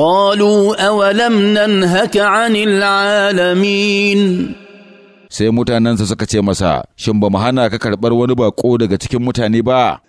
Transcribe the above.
قالوا أولم ننهك عن العالمين sai mutanensa suka ce masa, Shin ba mu hana ka karɓar wani baƙo daga cikin mutane ba?